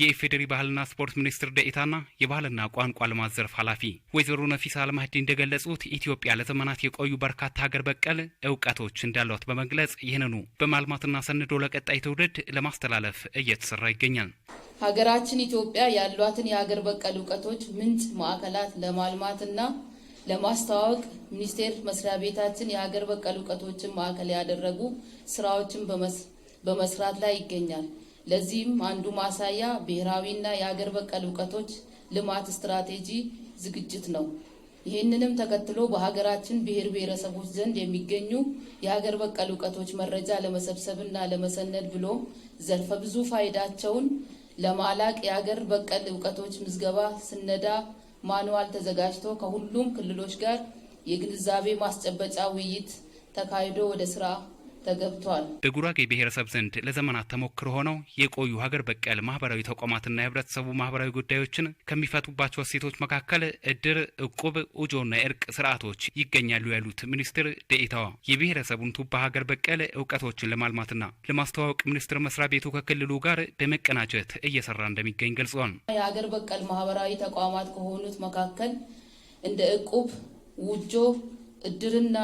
የኢፌዴሪ ባህልና ስፖርት ሚኒስትር ደኤታና የባህልና ቋንቋ ልማት ዘርፍ ኃላፊ ወይዘሮ ነፊሳ አልማህዲ እንደገለጹት ኢትዮጵያ ለዘመናት የቆዩ በርካታ ሀገር በቀል እውቀቶች እንዳሏት በመግለጽ ይህንኑ በማልማትና ሰንዶ ለቀጣይ ትውልድ ለማስተላለፍ እየተሰራ ይገኛል። ሀገራችን ኢትዮጵያ ያሏትን የሀገር በቀል እውቀቶች ምንጭ ማዕከላት ለማልማትና ለማስተዋወቅ ሚኒስቴር መስሪያ ቤታችን የሀገር በቀል እውቀቶችን ማዕከል ያደረጉ ስራዎችን በመስራት ላይ ይገኛል። ለዚህም አንዱ ማሳያ ብሔራዊና የአገር በቀል እውቀቶች ልማት ስትራቴጂ ዝግጅት ነው። ይህንንም ተከትሎ በሀገራችን ብሔር ብሔረሰቦች ዘንድ የሚገኙ የሀገር በቀል እውቀቶች መረጃ ለመሰብሰብና ለመሰነድ ብሎ ዘርፈ ብዙ ፋይዳቸውን ለማላቅ የሀገር በቀል እውቀቶች ምዝገባ ስነዳ ማንዋል ተዘጋጅቶ ከሁሉም ክልሎች ጋር የግንዛቤ ማስጨበጫ ውይይት ተካሂዶ ወደ ስራ ተገብቷል። በጉራጌ ብሔረሰብ ዘንድ ለዘመናት ተሞክሮ ሆነው የቆዩ ሀገር በቀል ማህበራዊ ተቋማትና የህብረተሰቡ ማህበራዊ ጉዳዮችን ከሚፈቱባቸው እሴቶች መካከል እድር፣ እቁብ፣ ኡጆና የእርቅ ስርዓቶች ይገኛሉ ያሉት ሚኒስትር ደኢታዋ የብሔረሰቡን ቱባ ሀገር በቀል እውቀቶችን ለማልማትና ለማስተዋወቅ ሚኒስቴር መስሪያ ቤቱ ከክልሉ ጋር በመቀናጀት እየሰራ እንደሚገኝ ገልጿል። የሀገር በቀል ማህበራዊ ተቋማት ከሆኑት መካከል እንደ እቁብ፣ ውጆ፣ እድርና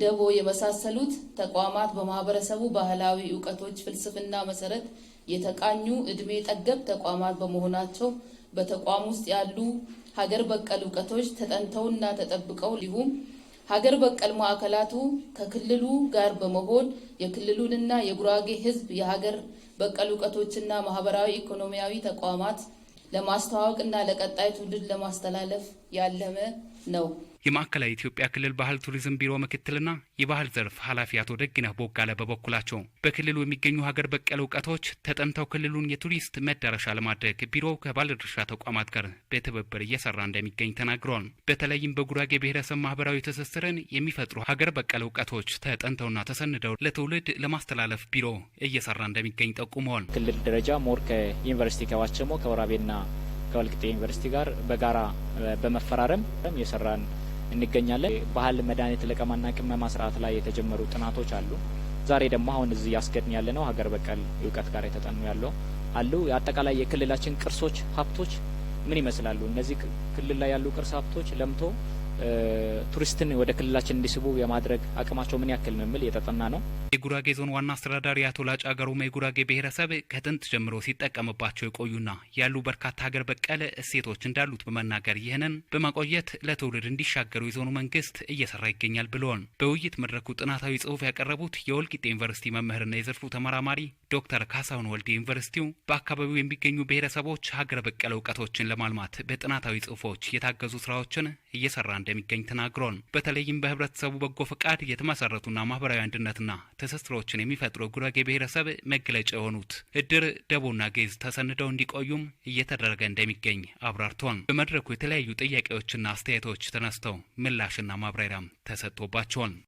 ደቦ የመሳሰሉት ተቋማት በማህበረሰቡ ባህላዊ እውቀቶች ፍልስፍና መሰረት የተቃኙ እድሜ ጠገብ ተቋማት በመሆናቸው በተቋም ውስጥ ያሉ ሀገር በቀል እውቀቶች ተጠንተውና ተጠብቀው ሊሁም ሀገር በቀል ማዕከላቱ ከክልሉ ጋር በመሆን የክልሉንና የጉራጌ ሕዝብ የሀገር በቀል እውቀቶችና ማህበራዊ ኢኮኖሚያዊ ተቋማት ለማስተዋወቅና ለቀጣይ ትውልድ ለማስተላለፍ ያለመ ነው። የማዕከላዊ ኢትዮጵያ ክልል ባህል ቱሪዝም ቢሮ ምክትልና የባህል ዘርፍ ኃላፊ አቶ ደግነህ ቦጋለ በበኩላቸው በክልሉ የሚገኙ ሀገር በቀል እውቀቶች ተጠንተው ክልሉን የቱሪስት መዳረሻ ለማድረግ ቢሮው ከባለድርሻ ተቋማት ጋር በትብብር እየሰራ እንደሚገኝ ተናግረዋል። በተለይም በጉራጌ ብሔረሰብ ማህበራዊ ትስስርን የሚፈጥሩ ሀገር በቀል እውቀቶች ተጠንተውና ተሰንደው ለትውልድ ለማስተላለፍ ቢሮ እየሰራ እንደሚገኝ ጠቁመዋል። ክልል ደረጃ ሞር ከዩኒቨርሲቲ ከባቸሞ ከወራቤና ከወልቅጤ ዩኒቨርሲቲ ጋር በጋራ በመፈራረም የሰራን እንገኛለን። ባህል መድኃኒት ለቀማና ቅመማ ስርዓት ላይ የተጀመሩ ጥናቶች አሉ። ዛሬ ደግሞ አሁን እዚህ እያስገድን ያለ ነው ሀገር በቀል እውቀት ጋር የተጠኑ ያለው አሉ። አጠቃላይ የክልላችን ቅርሶች ሀብቶች ምን ይመስላሉ? እነዚህ ክልል ላይ ያሉ ቅርስ ሀብቶች ለምቶ ቱሪስትን ወደ ክልላችን እንዲስቡ የማድረግ አቅማቸው ምን ያክል ነው የሚል የተጠና ነው። የጉራጌ ዞን ዋና አስተዳዳሪ አቶ ላጭ ገሩማ የጉራጌ ብሔረሰብ ከጥንት ጀምሮ ሲጠቀምባቸው የቆዩና ያሉ በርካታ ሀገር በቀል እሴቶች እንዳሉት በመናገር ይህንን በማቆየት ለትውልድ እንዲሻገሩ የዞኑ መንግስት እየሰራ ይገኛል ብለዋል። በውይይት መድረኩ ጥናታዊ ጽሁፍ ያቀረቡት የወልቂጤ ዩኒቨርሲቲ መምህርና የዘርፉ ተመራማሪ ዶክተር ካሳሁን ወልድ ዩኒቨርሲቲው በአካባቢው የሚገኙ ብሔረሰቦች ሀገር በቀል እውቀቶችን ለማልማት በጥናታዊ ጽሁፎች የታገዙ ስራዎችን እየሰራ እንደ እንደሚገኝ ተናግሯል። በተለይም በህብረተሰቡ በጎ ፈቃድ የተመሰረቱና ማህበራዊ አንድነትና ትስስሮችን የሚፈጥሩ ጉራጌ ብሔረሰብ መገለጫ የሆኑት እድር፣ ደቦና ጌዝ ተሰንደው እንዲቆዩም እየተደረገ እንደሚገኝ አብራርቷል። በመድረኩ የተለያዩ ጥያቄዎችና አስተያየቶች ተነስተው ምላሽና ማብራሪያም ተሰጥቶባቸዋል።